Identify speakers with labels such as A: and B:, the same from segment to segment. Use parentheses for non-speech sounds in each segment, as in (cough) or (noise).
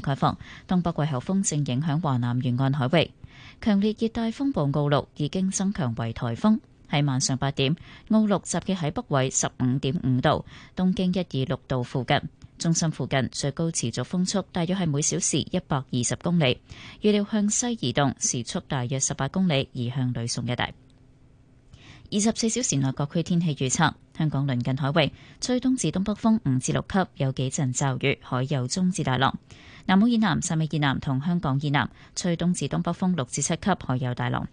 A: 開放東北季候風正影響華南沿岸海域，強烈熱帶風暴奧鹿已經增強為颱風。喺晚上八點，奧鹿集結喺北緯十五點五度、東經一二六度附近，中心附近最高持續風速大約係每小時一百二十公里，預料向西移動，時速大約十八公里，移向呂宋一帶。二十四小時內各區天氣預測：香港鄰近海域吹東至東北風五至六級，有幾陣驟雨，海有中至大浪；南澳以南、汕尾以南同香港以南吹東至東北風六至七級，海有大浪；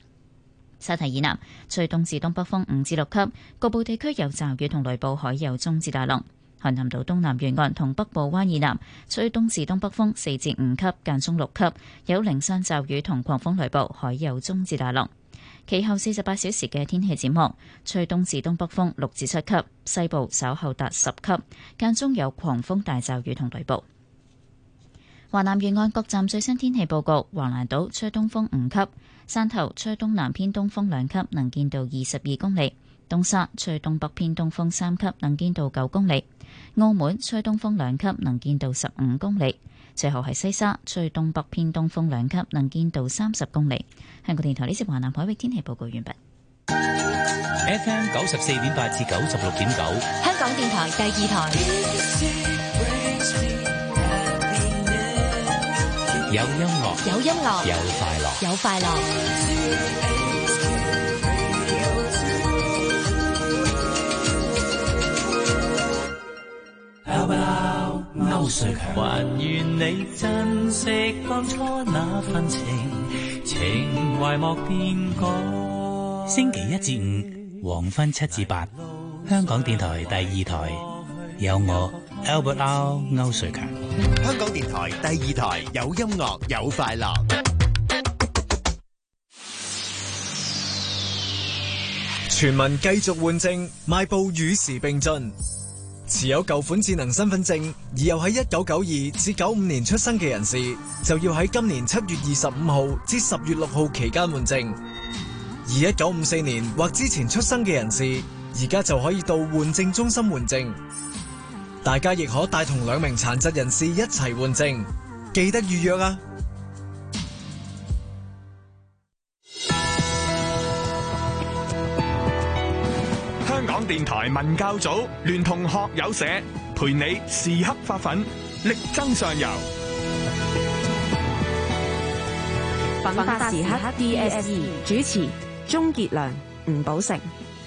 A: 沙堤以南吹東至東北風五至六級，局部地區有驟雨同雷暴，海有中至大浪；海南島東南沿岸同北部灣以南吹東至東北風四至五級間中六級，有零散驟雨同狂風雷暴，海有中至大浪。其後四十八小時嘅天氣展望，吹東至東北風六至七級，西部稍後達十級，間中有狂風大驟雨同雷暴。華南沿岸各站最新天氣報告：華南島吹東風五級，山頭吹東南偏東風兩級，能見度二十二公里；東沙吹東北偏東風三級，能見度九公里；澳門吹東風兩級，能見度十五公里。最後係西沙，吹東北偏東風兩級，能見度三十公里。香港電台呢次華南海域天氣報告完畢。
B: FM
C: 九十四點八至九十六點九，
B: 香港電台第二台。
C: 有音樂，有音樂，有快樂，
B: 有快樂。
D: 歐瑞強，還願你珍惜當初那份情，情懷莫變。過
C: 星期一至五，黃昏七至八，香港電台第二
E: 台有我 Albert 歐歐瑞強。香港電台第二台，有，台，第二台有音樂有快樂。全民繼續換證，邁步與時並進。持有舊款智能身份證而又喺一九九二至九五年出生嘅人士，就要喺今年七月二十五號至十月六號期間換證；而一九五四年或之前出生嘅人士，而家就可以到換證中心換證。大家亦可帶同兩名殘疾人士一齊換證，記得預約啊！
F: 電台文教組聯同學友社陪你時刻發奮，力爭上游。
B: 奮發時刻 DSE 主持：
A: 鍾傑良、吳寶成。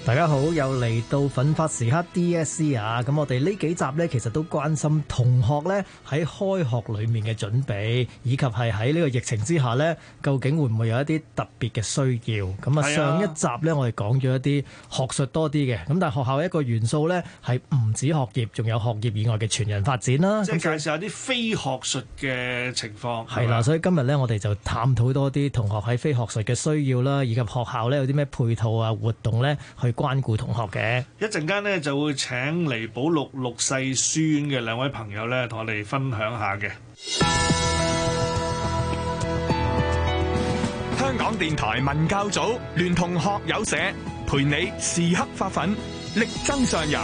E: 大家好，又嚟到奮發時刻 DSC 啊！咁我哋呢幾集呢，其實都關心同學呢喺開學裏面嘅準備，以及係喺呢個疫情之下呢，究竟會唔會有一啲特別嘅需要？咁啊，上一集呢，我哋講咗一啲學術多啲嘅，咁但係學校一個元素呢，係唔止學業，仲有學業以外嘅全人發展啦。即係介紹
F: 下啲非學術嘅情況。係啦吧，
E: 所以今日呢，我哋就探討多啲同學喺非學術嘅需要啦，以及學校呢有啲咩配套啊、活動呢。去。關顧同學嘅。一
F: 陣間咧，就會請嚟保祿六世書院嘅兩位朋友咧，同我哋分享下嘅。香港電台文教組聯同學友社，陪你時刻發奮，力爭上游。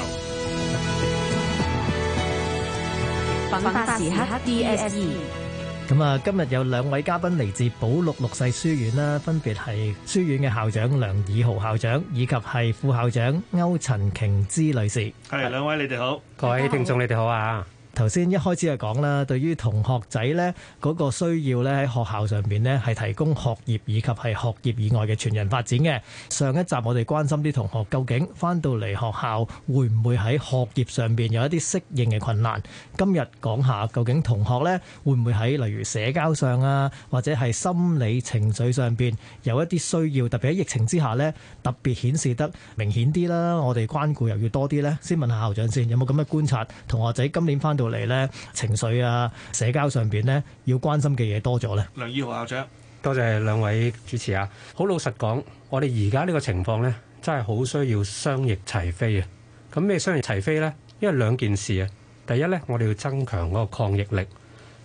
F: 奮
B: 發時刻，DSE。
E: 咁啊，今日有兩位嘉賓嚟自保六六世保祿六世書院啦，分別係書院嘅校長梁以豪校長，以及係副校長歐陳瓊芝女士，
D: 係
F: 兩位，你哋好，各位聽眾你
E: 哋好啊！頭先一開始就講啦，對於同學仔呢嗰個需要呢喺學校上邊呢係提供學業以及係學業以外嘅全人發展嘅。上一集我哋關心啲同學究竟翻到嚟學校會唔會喺學業上邊有一啲適應嘅困難。今日講下究竟同學呢會唔會喺例如社交上啊，或者係心理情緒上邊有一啲需要，特別喺疫情之下呢特別顯示得明顯啲啦。我哋關顧又要多啲呢。先問下校長先，有冇咁嘅觀察，同學仔今年翻到？嚟咧情緒啊，社交上邊咧要關心嘅嘢多咗咧。
F: 梁以豪校長，
E: 多謝兩位主持啊。好老實講，
C: 我哋而家呢個情況咧，真係好需要雙翼齊飛啊。咁咩雙翼齊飛呢？因為兩件事啊。第一呢，我哋要增強嗰個抗疫力。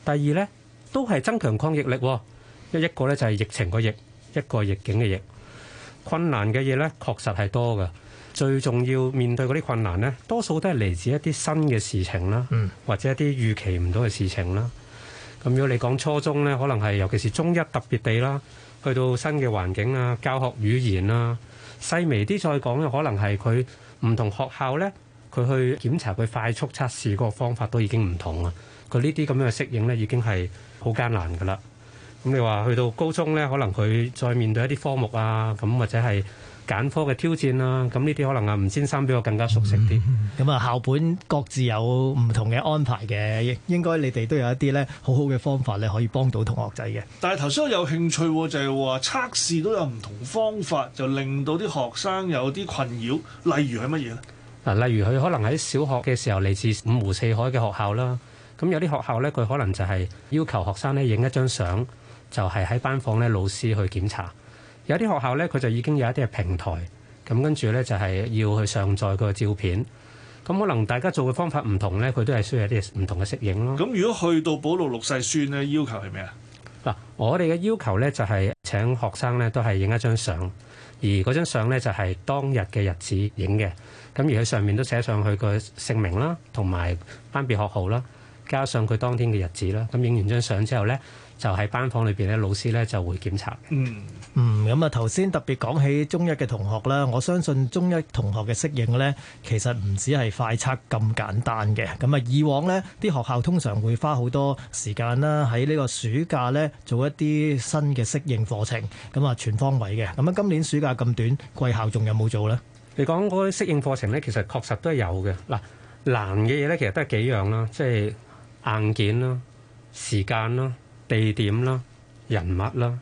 C: 第二呢，都係增強抗逆力。一一個呢，就係疫情個疫，一個逆境嘅逆。困難嘅嘢呢，確實係多㗎。最重要面對嗰啲困難呢，多數都係嚟自一啲新嘅事情啦，嗯、或者一啲預期唔到嘅事情啦。咁如果你講初中呢，可能係尤其是中一特別地啦，去到新嘅環境啊、教學語言啊，細微啲再講咧，可能係佢唔同學校呢，佢去檢查佢快速測試嗰個方法都已經唔同啊。佢呢啲咁樣嘅適應呢，已經係好艱難噶啦。咁你話去到高中呢，可能佢再面對一啲科目啊，咁或者係。揀科嘅挑戰啦，咁呢啲可能啊吳先生比我更加熟悉啲。咁啊、嗯、校
E: 本各自有唔同嘅安排嘅，應該你哋都有一啲咧好好嘅方法咧，可以幫到同學仔嘅。
F: 但係頭先我有興趣就係、是、話測試都有唔同方法，就令到啲學生有啲困擾，例如係乜嘢咧？
E: 嗱，例如佢可能喺
C: 小學嘅時候嚟自五湖四海嘅學校啦，咁有啲學校咧佢可能就係要求學生咧影一張相，就係、是、喺班房咧老師去檢查。有啲學校咧，佢就已經有一啲嘅平台，咁跟住咧就係要去上載個照片。咁可能大家做嘅方法唔同咧，佢都係需要一啲唔同嘅適應咯。
F: 咁如果去到保祿六世書院咧，要求係咩啊？嗱，
C: 我哋嘅要求咧就係請學生咧都係影一張相，而嗰張相咧就係當日嘅日子影嘅。咁而佢上面都寫上去個姓名啦，同埋班別學號啦，加上佢當天嘅日子啦。咁影完一張相之
E: 後咧，就喺班房裏邊咧，老師咧就會檢查。嗯嗯，咁啊，頭先特別講起中一嘅同學啦，我相信中一同學嘅適應咧，其實唔止係快測咁簡單嘅。咁啊，以往呢啲學校通常會花好多時間啦，喺呢個暑假咧做一啲新嘅適應課程，咁啊全方位嘅。咁啊，今年暑假咁短，貴校仲有冇做咧？你講嗰啲適應課程咧，其實確實都有嘅。嗱，
C: 難嘅嘢咧，其實都係幾樣啦，即係硬件啦，時間啦。地點啦，人物啦，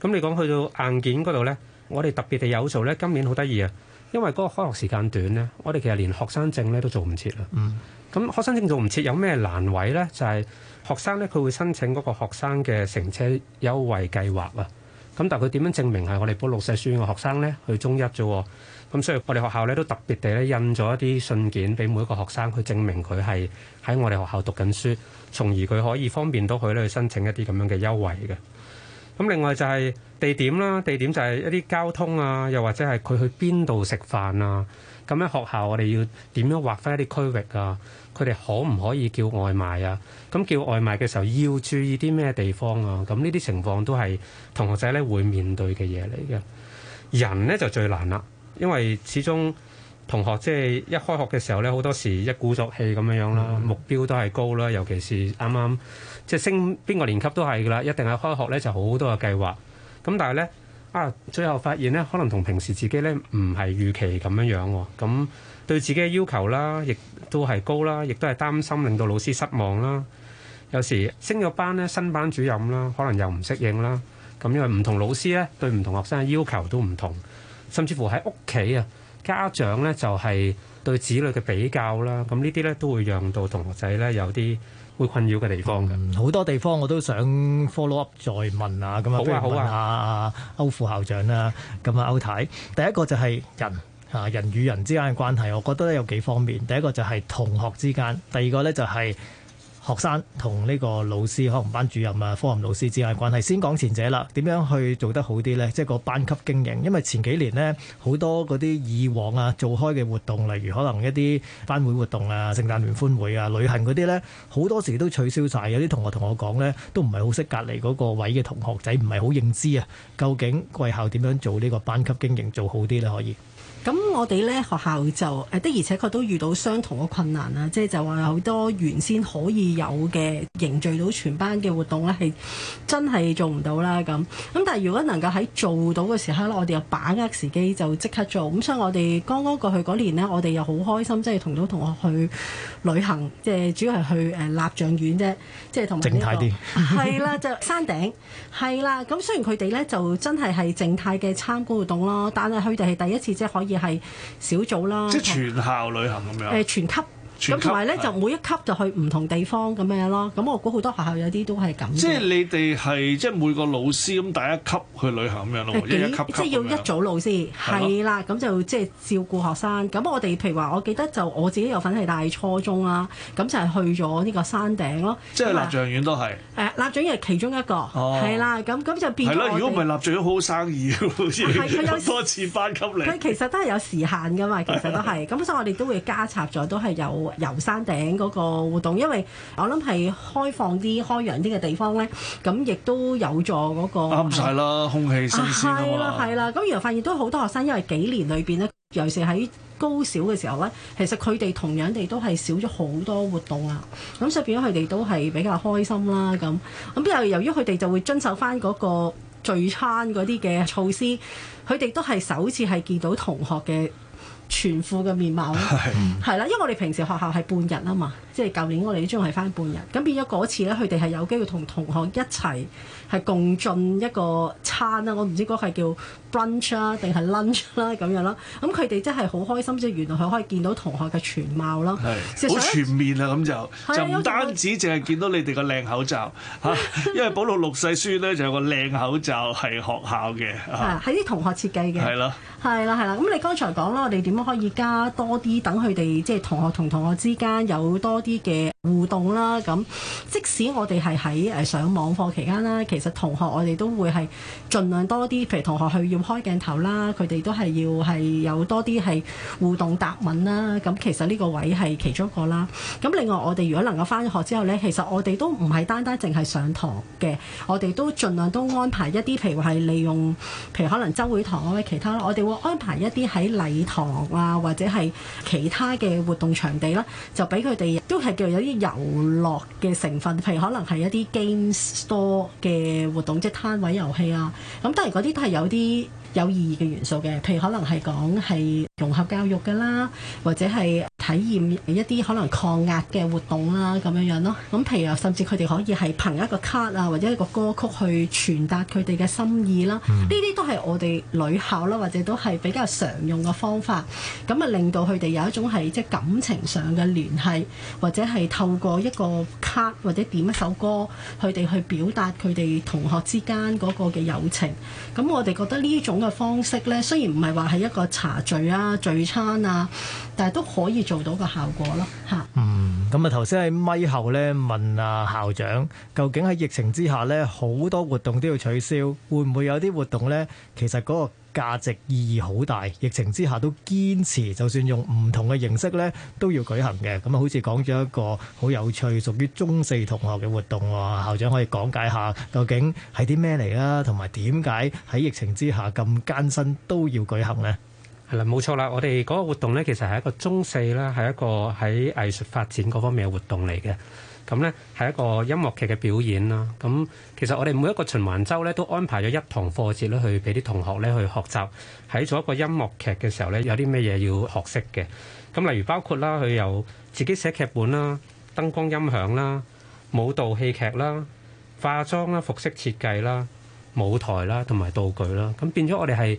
C: 咁你講去到硬件嗰度呢，我哋特別地有做呢。今年好得意啊，因為嗰個開學時間短呢，我哋其實連學生證呢都做唔切啦。嗯。咁學生證做唔切有咩難為呢？就係、是、學生呢，佢會申請嗰個學生嘅乘車優惠計劃啊。咁但係佢點樣證明係我哋保六世書院嘅學生呢？去中一啫喎。咁所以，我哋學校咧都特別地咧印咗一啲信件俾每一個學生，去證明佢係喺我哋學校讀緊書，從而佢可以方便到佢咧去申請一啲咁樣嘅優惠嘅。咁另外就係地點啦，地點就係一啲交通啊，又或者係佢去邊度食飯啊。咁喺學校我哋要點樣劃返一啲區域啊？佢哋可唔可以叫外賣啊？咁叫外賣嘅時候要注意啲咩地方啊？咁呢啲情況都係同學仔咧會面對嘅嘢嚟嘅。人呢就最難啦。因為始終同學即係一開學嘅時候咧，好多時一鼓作氣咁樣啦，目標都係高啦。尤其是啱啱即係升邊個年級都係噶啦，一定係開學咧就好多嘅計劃。咁但係咧啊，最後發現咧，可能同平時自己咧唔係預期咁樣樣喎。咁對自己嘅要求啦，亦都係高啦，亦都係擔心令到老師失望啦。有時升咗班咧，新班主任啦，可能又唔適應啦。咁因為唔同老師咧，對唔同學生嘅要求都唔同。甚至乎喺屋企啊，家長咧就係對子女嘅比較啦，
E: 咁呢啲咧都會讓到同學仔咧有啲會困擾嘅地方嘅。好多地方我都想 follow up 再問啊，咁啊，好啊，好啊，問下啊歐副校長啦，咁啊歐太。第一個就係人啊，人與人之間嘅關係，我覺得咧有幾方面。第一個就係同學之間，第二個咧就係。學生同呢個老師，可能班主任啊，科任老師之間嘅關係，先講前者啦。點樣去做得好啲呢？即係個班級經營，因為前幾年呢，好多嗰啲以往啊做開嘅活動，例如可能一啲班會活動啊、聖誕聯歡會啊、旅行嗰啲呢，好多時都取消晒。有啲同學同我講呢，都唔係好識隔離嗰個位嘅同學仔，唔係好認知啊。究竟貴校點樣做呢個班級經營做好啲呢？可以。
B: 咁我哋咧，學校就誒的，而且確都遇到相同嘅困難啦，即係就話好多原先可以有嘅凝聚到全班嘅活動咧，係真係做唔到啦咁。咁但係如果能夠喺做到嘅時候咧，我哋又把握時機就即刻做。咁所以我哋剛剛過去嗰年咧，我哋又好開心，即係同到同學去旅行，即係主要係去誒蠟像院啫，即係同靜態啲係啦，就山頂係啦。咁雖然佢哋咧就真係係靜態嘅參觀活動咯，但係佢哋係第一次即係可以。而係小組啦，即係全
F: 校旅行咁樣，全級。咁同埋咧，就
B: 每一級就去唔同地方咁樣咯。咁我估好多學校有啲都係咁。即係
F: 你哋係即係每個老師咁第一級去旅行咁樣咯，一一級即係要一組
B: 老師，係啦。咁就即係照顧學生。咁我哋譬如話，我記得就我自己有份係大初中啦，咁就係去咗呢個山頂咯。即係蠟像院都係。誒，蠟像院係其中一個，係啦。咁咁就變咗。如果唔
F: 係蠟像院，好好生意，多次返級嚟。佢其
B: 實都係有時限㗎嘛，其實都係。咁所以我哋都會加插咗，都係有。遊山頂嗰個活動，因為我諗係開放啲、開揚啲嘅地方呢，咁亦都有助嗰、那個啱曬啦，
F: 啊、空氣新鮮啦，係啦、啊，係
B: 啦。咁然後發現都好多學生，因為幾年裏邊呢，尤其是喺高小嘅時候呢，其實佢哋同樣地都係少咗好多活動啊。咁所以變咗佢哋都係比較開心啦。咁咁又由於佢哋就會遵守返嗰個聚餐嗰啲嘅措施，佢哋都係首次係見到同學嘅。全副嘅面貌，係啦的，因為我哋平時學校係半日啊嘛，即係舊年我哋啲仲係返半日，咁變咗嗰次咧，佢哋係有機會同同學一齊係共進一個餐啦，我唔知嗰係叫 brunch 啦、啊、定係 lunch 啦、啊、咁樣啦，咁佢哋真係好開心，即係原來佢可以見到同學嘅全貌咯，即係好的全
F: 面啊咁就的就唔單止淨係見到你哋個靚口罩嚇、 (laughs) 啊，因為保祿六世書咧就有個靚口罩係學校嘅，
B: 係、啊、啲同學設計嘅，係咯的，係啦係啦，咁你剛才講啦，我哋點？可以加多啲，等佢哋即係同學同同學之間有多啲嘅互動啦。咁即使我哋係喺誒上網課期間啦，其實同學我哋都會係盡量多啲，譬如同學去要開鏡頭啦，佢哋都係要係有多啲係互動答問啦。咁其實呢個位係其中一個啦。咁另外我哋如果能夠翻學之後咧，其實我哋都唔係單單淨係上堂嘅，我哋都盡量都安排一啲，譬如係利用譬如可能周會堂或者其他咯，我哋會安排一啲喺禮堂。啊，或者係其他嘅活動場地啦，就俾佢哋都係叫有啲遊樂嘅成分，譬如可能係一啲 game store 嘅活動，即係攤位遊戲啊。咁當然嗰啲都係有啲有意義嘅元素嘅，譬如可能係講係融合教育㗎啦，或者係。體驗一啲可能抗壓嘅活動啦，咁樣樣咯。咁譬如甚至佢哋可以係憑一個卡啊，或者一個歌曲去傳達佢哋嘅心意啦。呢啲、嗯、都係我哋女校啦，或者都係比較常用嘅方法。咁啊，令到佢哋有一種係即係感情上嘅聯繫，或者係透過一個卡或者點一首歌，佢哋去表達佢哋同學之間嗰個嘅友情。咁我哋覺得呢種嘅方式呢，雖然唔係話係一個茶聚啊、聚餐啊。但係都可以做到個效
E: 果咯，嚇。嗯，咁啊頭先喺咪後咧問啊校長，究竟喺疫情之下咧好多活動都要取消，會唔會有啲活動咧其實嗰個價值意義好大？疫情之下都堅持，就算用唔同嘅形式咧都要舉行嘅。咁啊，好似講咗一個好有趣，屬於中四同學嘅活動喎。校長可以講解下究竟係啲咩嚟啦，同埋點解喺疫情之下咁艱辛都要舉行咧？係啦，冇錯啦，我哋嗰個活動咧，其實係一個中四咧，係一個喺
C: 藝術發展嗰方面嘅活動嚟嘅。咁咧係一個音樂劇嘅表演啦。咁其實我哋每一個循環週咧，都安排咗一堂課節咧，去俾啲同學咧去學習喺做一個音樂劇嘅時候咧，有啲咩嘢要學識嘅。咁例如包括啦，佢有自己寫劇本啦、燈光音響啦、舞蹈戲劇啦、化妝啦、服飾設計啦、舞台啦同埋道具啦。咁變咗我哋係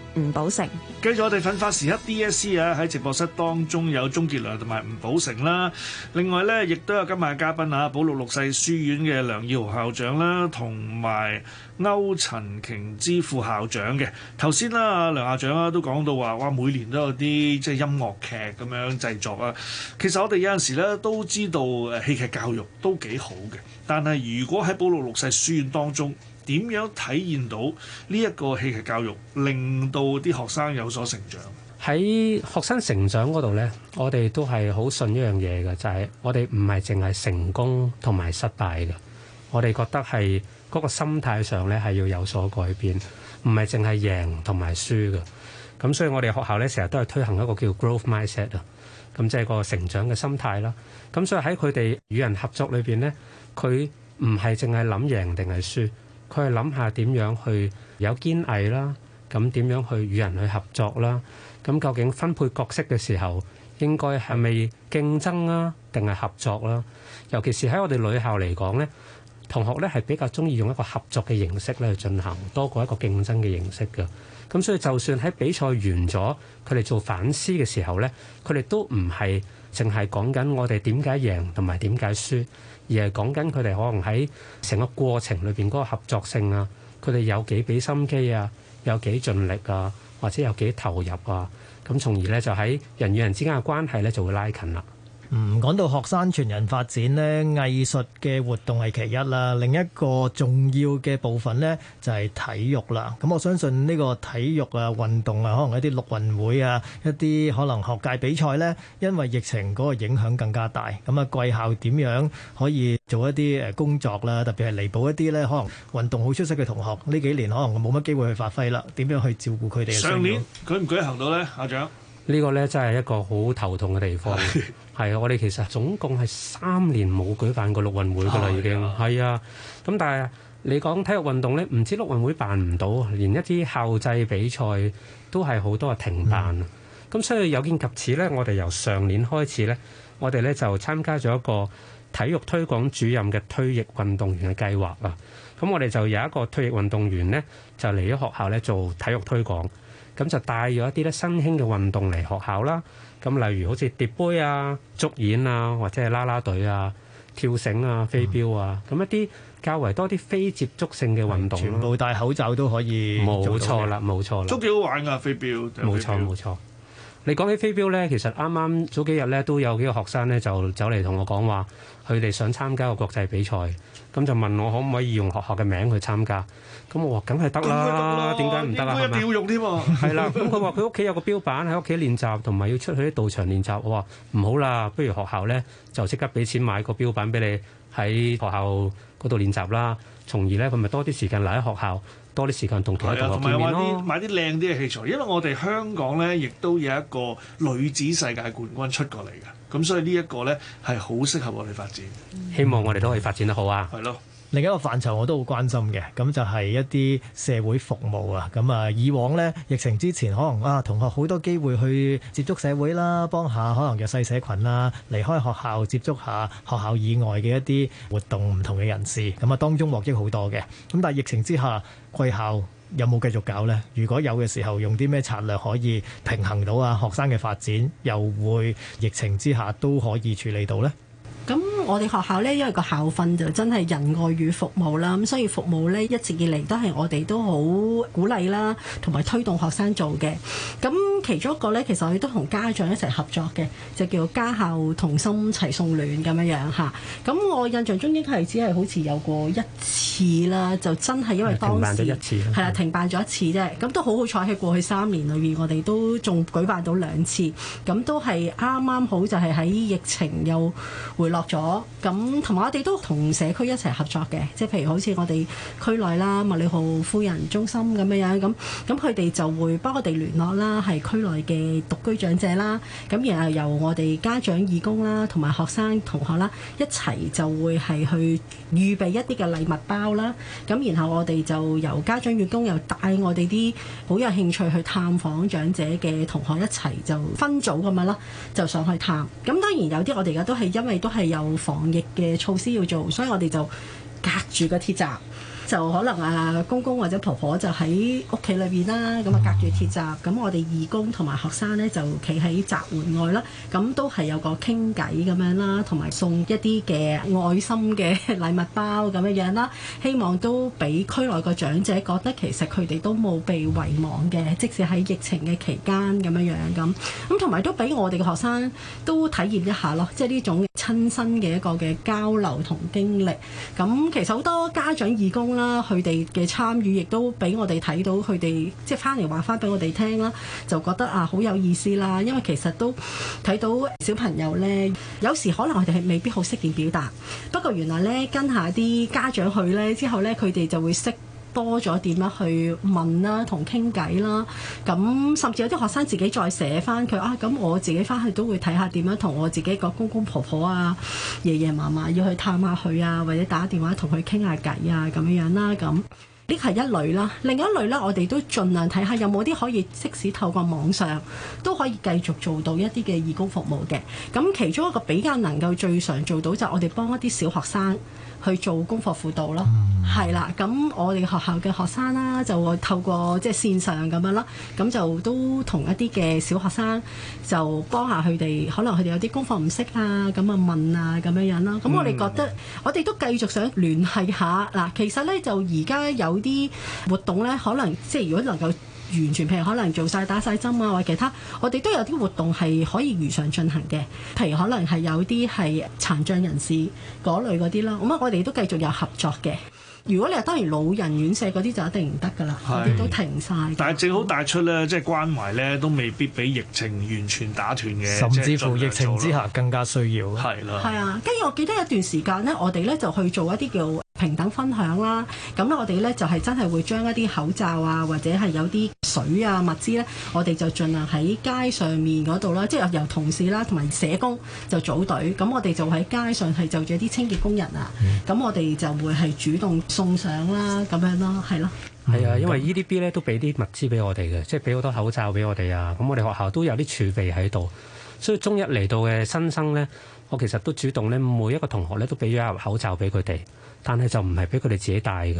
B: 吳寶成，
F: 跟住我哋奮發時刻 DSC 啊，喺直播室當中有鍾杰良同埋吳寶成啦，另外咧亦都有今日嘅嘉賓啊，保祿六世書院嘅梁以豪校長啦，同埋歐陳瓊芝副校長嘅。頭先啦，梁校長啊都講到話，哇，每年都有啲即係音樂劇咁樣製作啊。其實我哋有陣時咧都知道誒，戲劇教育都幾好嘅，但係如果喺保祿六世書院當中。點樣體驗到呢一個戲劇教育，令到啲學生有所成長？
C: 喺學生成長嗰度咧，我哋都係好信一樣嘢嘅，就係我哋唔係淨係成功同埋失敗嘅。我哋覺得係嗰個心態上咧，係要有所改變，唔係淨係贏同埋輸嘅。咁所以，我哋學校咧成日都係推行一個叫 growth mindset 啊，咁即係個成長嘅心態啦。咁所以喺佢哋與人合作裏邊咧，佢唔係淨係諗贏定係輸。佢係諗下點樣去有堅毅啦，咁點樣去與人去合作啦？咁究竟分配角色嘅時候，應該係咪競爭啊，定係合作啦？尤其是喺我哋女校嚟講咧，同學咧係比較中意用一個合作嘅形式咧去進行，多過一個競爭嘅形式嘅。咁所以就算喺比賽完咗，佢哋做反思嘅時候咧，佢哋都唔係淨係講緊我哋點解贏同埋點解輸。而係講緊佢哋可能喺成個過程裏邊嗰個合作性啊，佢哋有幾俾心機啊，有幾盡力啊，或者有幾投入啊，咁從而咧就喺人與人之間嘅關
E: 係咧就會拉近啦。唔講到學生全人發展呢，藝術嘅活動係其一啦。另一個重要嘅部分呢，就係體育啦。咁我相信呢個體育啊運動啊，可能一啲陸運會啊，一啲可能學界比賽呢，因為疫情嗰個影響更加大。咁啊，貴校點樣可以做一啲誒工作啦？特別係彌補一啲呢，可能運動好出色嘅同學，呢幾年可能冇乜機會去發揮啦。點樣去照顧佢哋？上年
F: 舉唔舉行到呢，校長？
E: 呢個呢，真係一個好頭痛
C: 嘅地方，係啊！ (laughs) 我哋其實總共係三年冇舉辦過陸運會㗎喇，已經係啊！咁但係你講體育運動呢，唔止陸運會辦唔到，連一啲校際比賽都係好多是停辦。咁 (laughs) 所以有見及此呢，我哋由上年開始呢，我哋呢就參加咗一個體育推廣主任嘅退役運動員嘅計劃啊。咁我哋就有一個退役運動員呢，就嚟咗學校呢做體育推廣。咁就帶咗一啲咧新興嘅運動嚟學校啦。咁例如好似疊杯啊、竹演啊，或者係啦啦隊啊、跳繩啊、飛鏢啊，咁一啲較為多啲非接觸性嘅運動，全部戴口罩都可以。冇錯啦，冇錯啦。都幾
F: 好玩㗎，飛鏢，冇錯，冇
C: 錯。你講起飛鏢呢，其實啱啱早幾日呢，都有幾個學生呢就走嚟同我講話，佢哋想參加個國際比賽，咁就問我可唔可以用學校嘅名去參加。咁我話梗係得啦，點解唔得喎，係啦，咁佢話佢屋企有個標板喺屋企練習，同埋要出去啲道場練習。我話唔好啦，不如學校咧就即刻俾錢買個標板俾你喺學校嗰度練習啦，從而咧佢咪多啲時間留喺學校，多啲時間同同學喺學校練咯。
F: 買啲靚啲嘅器材，因為我哋香港咧亦都有一個女子世界冠軍出過嚟嘅，咁所以呢一個咧係好適合我哋發展。嗯、希望我哋都可以發展得好啊！係咯。
E: 另一個範疇我都好關心嘅，咁就係一啲社會服務啊。咁啊，以往呢疫情之前，可能啊同學好多機會去接觸社會啦，幫下可能弱勢社群啦，離開學校接觸下學校以外嘅一啲活動，唔同嘅人士。咁啊，當中獲益好多嘅。咁但係疫情之下，貴校有冇繼續搞呢？如果有嘅時候，用啲咩策略可以平衡到啊學生嘅發展，又會疫情之下都可以處理到呢？
B: 咁我哋學校咧，因為個校訓就真係仁愛與服務啦，咁所以服務咧一直以嚟都係我哋都好鼓勵啦，同埋推動學生做嘅。咁其中一個咧，其實我哋都同家長一齊合作嘅，就叫家校同心齊送暖咁樣樣嚇。咁我印象中應該係只係好似有過一次啦，就真係因為當時係啦停辦咗一次啫。咁的的都好好彩，喺過去三年裏面，我哋都仲舉辦到兩次。咁都係啱啱好，就係喺疫情又回落咗。咁同埋我哋都同社區一齊合作嘅，即係譬如好似我哋區內啦，麥理浩夫人中心咁樣樣咁。咁佢哋就會幫我哋聯絡啦，係。區內嘅獨居長者啦，咁然後由我哋家長義工啦，同埋學生同學啦一齊就會係去預備一啲嘅禮物包啦，咁然後我哋就由家長義工又帶我哋啲好有興趣去探訪長者嘅同學一齊就分組咁樣啦，就上去探。咁當然有啲我哋而家都係因為都係有防疫嘅措施要做，所以我哋就隔住個鐵閘。就可能啊公公或者婆婆就喺屋企裏邊啦，咁啊隔住鐵閘，咁我哋義工同埋學生咧就企喺閘門外啦，咁都係有個傾偈咁樣啦，同埋送一啲嘅愛心嘅禮物包咁樣樣啦，希望都俾區內個長者覺得其實佢哋都冇被遺忘嘅，即使喺疫情嘅期間咁樣樣咁，咁同埋都俾我哋嘅學生都體驗一下咯，即係呢種親身嘅一個嘅交流同經歷。咁其實好多家長義工啦。佢哋嘅參與亦都俾我哋睇到佢哋即係翻嚟話翻俾我哋聽啦，就覺得啊好有意思啦。因為其實都睇到小朋友呢，有時可能佢哋係未必好識點表達，不過原來呢，跟下啲家長去呢之後呢，佢哋就會識，多咗點樣去問啦，同傾偈啦，咁甚至有啲學生自己再寫翻佢啊，咁我自己翻去都會睇下點樣同我自己個公公婆婆啊、爺爺嫲嫲要去探下佢啊，或者打電話同佢傾下偈啊，咁樣樣啦，咁呢係一類啦。另一類呢，我哋都盡量睇下有冇啲可以，即使透過網上都可以繼續做到一啲嘅義工服務嘅。咁其中一個比較能夠最常做到就係我哋幫一啲小學生。去做功課輔導咯，係啦，咁我哋學校嘅學生啦，就透過即線上咁樣啦，咁就都同一啲嘅小學生就幫下佢哋，可能佢哋有啲功課唔識啊，咁啊問啊咁樣樣咯，咁我哋覺得、嗯、我哋都繼續想聯繫下嗱，其實呢，就而家有啲活動呢，可能即係如果能夠。完全譬如可能做晒打晒針啊，或者其他，我哋都有啲活動係可以如常進行嘅。譬如可能係有啲係殘障人士嗰類嗰啲啦，咁啊我哋都繼續有合作嘅。如果你話當然老人院舍嗰啲就一定唔得噶啦，是我哋都停晒。
F: 但係正好帶出咧，嗯、即係關懷咧，都未必俾疫情完全打斷嘅。甚至乎疫
E: 情之下更加需要。係啦的，係啊，
B: 跟住我記得有段時間咧，我哋咧就去做一啲叫。平等分享啦，咁咧我哋咧就係、是、真係會將一啲口罩啊，或者係有啲水啊物資咧，我哋就儘量喺街上面嗰度啦，即、就、係、是、由同事啦同埋社工就組隊，咁我哋就喺街上係就住一啲清潔工人啊，咁、嗯、我哋就會係主動送上啦，咁樣咯，係咯。
C: 係啊，嗯、因為 EDB 咧都俾啲物資俾我哋嘅，即係俾好多口罩俾我哋啊，咁我哋學校都有啲儲備喺度，所以中一嚟到嘅新生咧，我其實都主動咧每一個同學咧都俾咗口罩俾佢哋。但係就唔係俾佢哋自己戴嘅，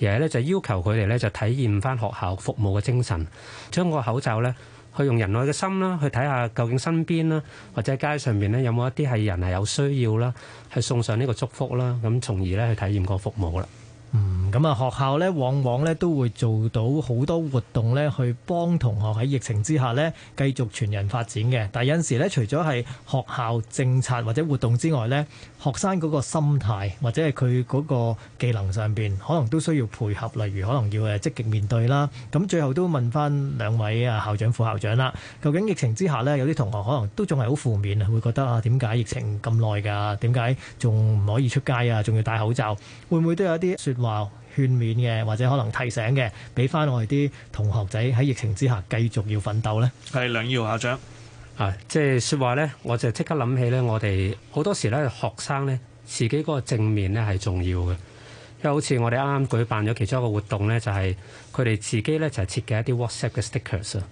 C: 而係咧就要求佢哋咧就體驗翻學校服務嘅精神，將個口罩咧去用仁愛嘅心啦，去睇下究竟身邊啦或者街上面咧有冇一啲係人係有需要啦，去送上呢個祝福啦，咁從而咧去體驗個服務啦。
E: 嗯，咁啊，學校咧往往咧都會做到好多活動咧，去幫同學喺疫情之下咧繼續全人發展嘅。但係有時咧，除咗係學校政策或者活動之外咧，學生嗰個心態或者係佢嗰個技能上邊，可能都需要配合。例如可能要誒積極面對啦。咁最後都問翻兩位啊校長、副校長啦，究竟疫情之下咧，有啲同學可能都仲係好負面啊，會覺得啊點解疫情咁耐㗎？點解仲唔可以出街啊？仲要戴口罩？會唔會都有一啲説話勸勉嘅，或者可能提醒嘅，俾翻我哋啲同學仔喺疫情之下繼續要奮鬥呢，
F: 係梁以豪校長
C: 啊。即係說話呢，我就即刻諗起呢，我哋好多時呢，學生呢，自己嗰個正面呢係重要嘅，因為好似我哋啱啱舉辦咗其中一個活動呢，就係佢哋自己呢，就係設計一啲 WhatsApp 嘅 stickers。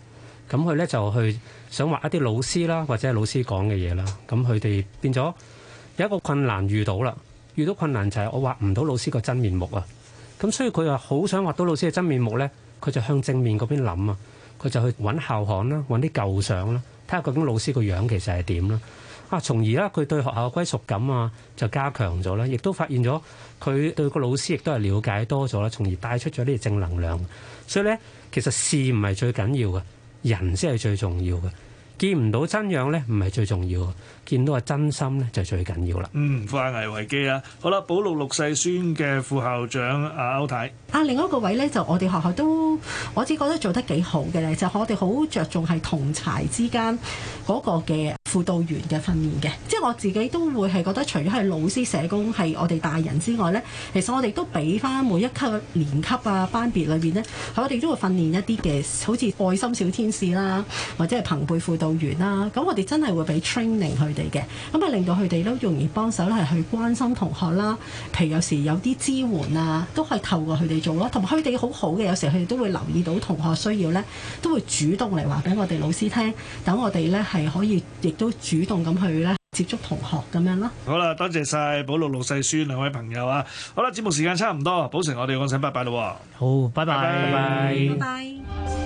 C: 咁佢呢，就去想畫一啲老師啦，或者老師講嘅嘢啦，咁佢哋變咗有一個困難遇到啦。遇到困難就係我畫唔到老師個真面目啊！咁所以佢又好想畫到老師嘅真面目呢，佢就向正面嗰邊諗啊，佢就去揾校刊啦，揾啲舊相啦，睇下究竟老師個樣其實係點啦啊！從而啦，佢對學校嘅歸屬感啊，就加強咗啦，亦都發現咗佢對個老師亦都係了解多咗啦，從而帶出咗呢啲正能量。所以呢，其實事唔係最緊要嘅，人先係最重要嘅。見唔到真樣咧，唔係最重要；
F: 見到啊真心咧，就最緊要啦。嗯，化危為機啦。好啦，保祿六世書院嘅副校長阿歐太。
B: 啊，另外一個位咧，就我哋學校都，我只覺得做得幾好嘅咧，就係、我哋好着重係同柴之間嗰個嘅，輔導員嘅訓練嘅，即係我自己都會係覺得，除咗係老師、社工係我哋大人之外呢，其實我哋都俾翻每一級年級啊班別裏邊呢，係我哋都會訓練一啲嘅，好似愛心小天使啦，或者係朋輩輔導員啦，咁我哋真係會俾 training 佢哋嘅，咁啊令到佢哋都容易幫手咧，係去關心同學啦，譬如有時有啲支援啊，都係透過佢哋做咯，同埋佢哋好好嘅，有時佢哋都會留意到同學需要呢，都會主動嚟話俾我哋老師聽，等我哋呢係可以。都主動咁去咧接觸同學咁樣咯。
F: 好啦，多謝晒保祿六世孫兩位朋友啊。好啦，節目時間差唔多，寶成我哋要講聲拜拜啦。好，拜拜，拜拜，拜
D: 拜。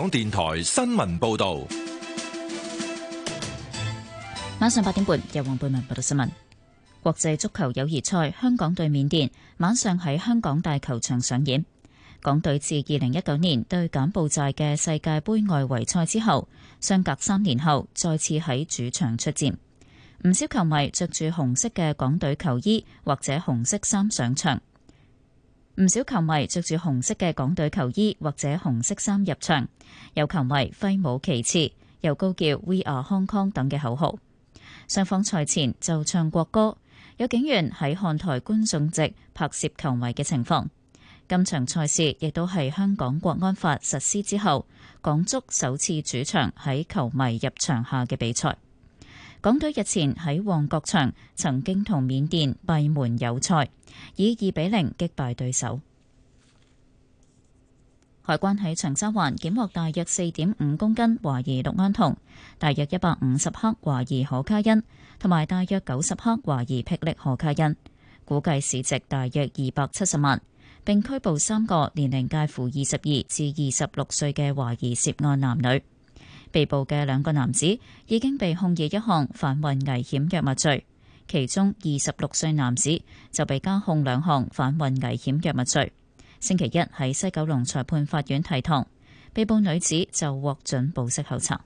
C: 港電台新聞報道，
A: 晚上八點半由黃貝文報道新聞。國際足球友誼賽，香港對緬甸，晚上喺香港大球場上演。港隊自二零一九年對柬埔寨嘅世界杯外圍賽之後，相隔三年後再次喺主場出戰。唔少球迷着住紅色嘅港隊球衣或者紅色衫上場。唔少球迷着住紅色嘅港隊球衣或者紅色衫入場，有球迷揮舞旗幟，又高叫 We are Hong Kong 等嘅口號，雙方賽前就唱國歌，有警員喺看台觀眾席拍攝球迷嘅情況，今場賽事亦都係香港國安法實施之後，港足首次主場喺球迷入場下嘅比賽。港隊日前喺旺角場曾經同緬甸閉門友賽，以二比零擊敗對手。海關喺長沙灣檢獲大約四點五公斤懷疑氯胺酮，大約一百五十克懷疑可卡因，同埋大約九十克懷疑霹靂可卡因，估計市值大約二百七十萬，並拘捕三個年齡介乎二十二至二十六歲嘅懷疑涉案男女。被捕嘅兩個男子已經被控以一項販運危險藥物罪，其中二十六歲男子就被加控兩項販運危險藥物罪。星期一喺西九龍裁判法院提堂，被捕女子就獲准保釋候查。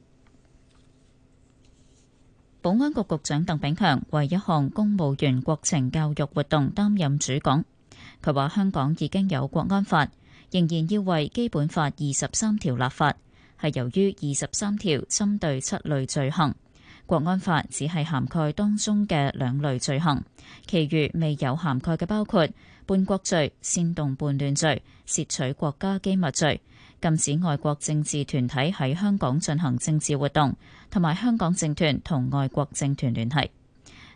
A: 保安局局長鄧炳強為一項公務員國情教育活動擔任主講，佢話：香港已經有國安法，仍然要為《基本法》二十三條立法。係由於二十三條針對七類罪行，國安法只係涵蓋當中嘅兩類罪行，其餘未有涵蓋嘅包括叛國罪、煽動叛亂罪、竊取國家機密罪、禁止外國政治團體喺香港進行政治活動，同埋香港政團同外國政團聯繫。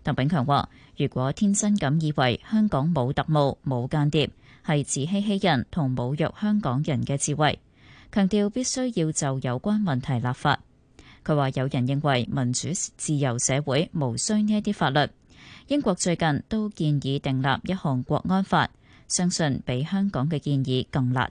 A: 鄧炳強話：如果天真咁以為香港冇特務、冇間諜，係自欺欺人同侮辱香港人嘅智慧。強調必須要就有關問題立法。佢話，有人認為民主自由社會無需呢一啲法律。英國最近都建議訂立一項國安法，相信比香港嘅建議更辣。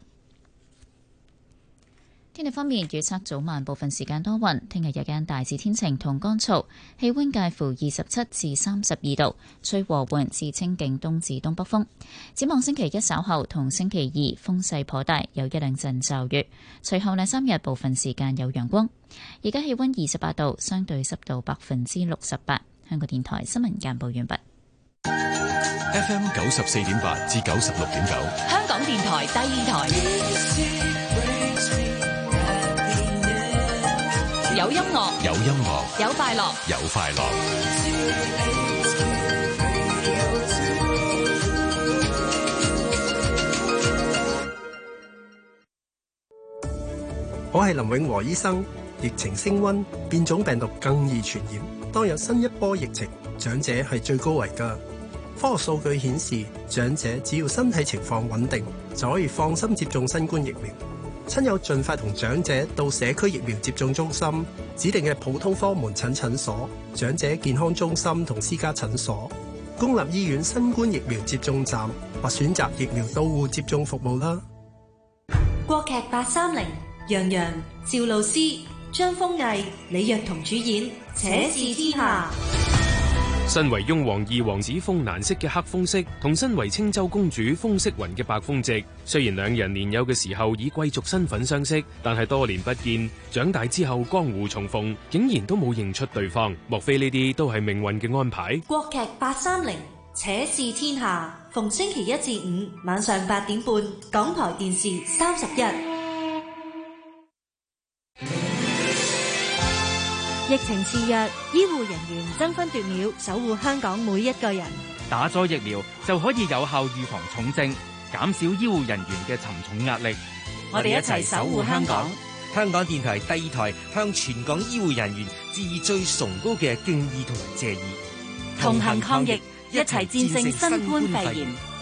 A: 天氣方面，預測早晚部分時間多雲，聽日日間大致天晴同乾燥，氣溫介乎二十七至三十二度，吹和緩至清勁東至東北風。展望星期一稍後同星期二風勢頗大，有一兩陣驟雨，隨後兩三日部分時間有陽光。而家氣溫二十八度，相對濕度百分之六十八。香港電台新聞簡報完畢。
F: FM 九十四點八至九十六點九，
B: 香港電台第二台。 (laughs)
F: 有音樂，有音樂，有快樂，有快樂。
C: 我係林永和醫生，疫情升溫，變種病毒更易傳染。當有新一波疫情，長者係最高危噶。科學數據顯示，長者只要身體情況穩定，就可以放心接種新冠疫苗。親友盡快同長者到社區疫苗接種中心指定嘅普通科門診診所、長者健康中心同私家診所、公立醫院新冠疫苗接種站或選擇疫苗到戶接種服務啦。
B: 國劇八三零，楊洋、趙露思、張豐毅、
A: 李若彤主演，且試天下。
C: 身為雍王二王子豐蘭息嘅黑豐息，同身為青州公主風惜雲嘅白風夕，雖然兩人年幼嘅時候以貴族身份相識，但係多年不見，長大之後江湖重逢，竟然都冇認出對方。莫非呢啲都係命運嘅安排？
D: 國劇八三
B: 零，且試天下，逢星期一至五晚上八點半，港台電視三十一。疫情肆虐，醫護人員爭分奪秒守護香港每一個人。
C: 打咗疫苗就可以有效預防重症，減少醫護人員嘅沉重壓力。我哋一齊守護香港。香港，香港電台第二台向全港醫護人員致以最崇高嘅敬意同埋謝意。
A: 同行抗疫，
C: 一齊戰勝新冠肺炎。